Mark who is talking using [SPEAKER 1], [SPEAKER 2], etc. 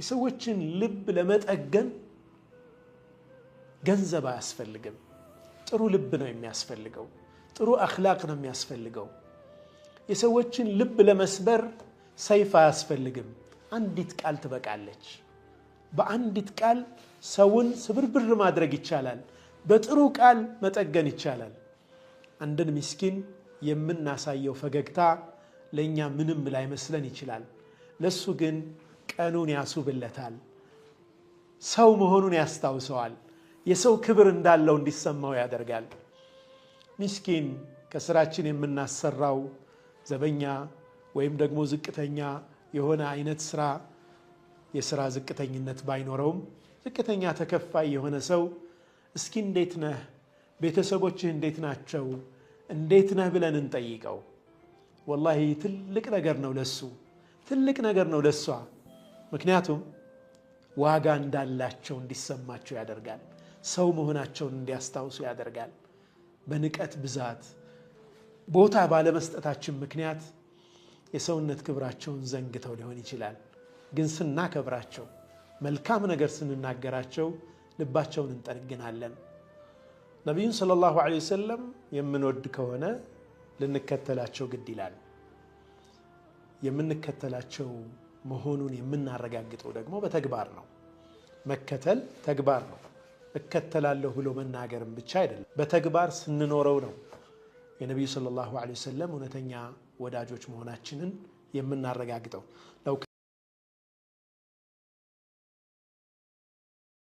[SPEAKER 1] የሰዎችን ልብ ለመጠገን ገንዘብ አያስፈልግም። ጥሩ ልብ ነው የሚያስፈልገው። ጥሩ አኽላቅ ነው የሚያስፈልገው። የሰዎችን ልብ ለመስበር ሰይፍ አያስፈልግም። አንዲት ቃል ትበቃለች። በአንዲት ቃል ሰውን ስብርብር ማድረግ ይቻላል። በጥሩ ቃል መጠገን ይቻላል። አንድን ምስኪን የምናሳየው ፈገግታ ለእኛ ምንም ላይመስለን ይችላል። ለሱ ግን ቀኑን ያስውብለታል። ሰው መሆኑን ያስታውሰዋል። የሰው ክብር እንዳለው እንዲሰማው ያደርጋል። ሚስኪን ከስራችን የምናሰራው ዘበኛ ወይም ደግሞ ዝቅተኛ የሆነ አይነት ስራ የስራ ዝቅተኝነት ባይኖረውም ዝቅተኛ ተከፋይ የሆነ ሰው እስኪ እንዴት ነህ፣ ቤተሰቦችህ እንዴት ናቸው፣ እንዴት ነህ ብለን እንጠይቀው። ወላሂ ትልቅ ነገር ነው ለሱ፣ ትልቅ ነገር ነው ለሷ። ምክንያቱም ዋጋ እንዳላቸው እንዲሰማቸው ያደርጋል። ሰው መሆናቸውን እንዲያስታውሱ ያደርጋል። በንቀት ብዛት ቦታ ባለመስጠታችን ምክንያት የሰውነት ክብራቸውን ዘንግተው ሊሆን ይችላል። ግን ስናከብራቸው፣ መልካም ነገር ስንናገራቸው ልባቸውን እንጠግናለን። ነቢዩን ሰለላሁ ዐለይሂ ወሰለም የምንወድ ከሆነ ልንከተላቸው ግድ ይላል። የምንከተላቸው መሆኑን የምናረጋግጠው ደግሞ በተግባር ነው። መከተል ተግባር ነው። እከተላለሁ ብሎ መናገርም ብቻ አይደለም፣ በተግባር ስንኖረው ነው የነቢዩ ሰለላሁ ዐለይሂ ወሰለም እውነተኛ ወዳጆች መሆናችንን የምናረጋግጠው ለው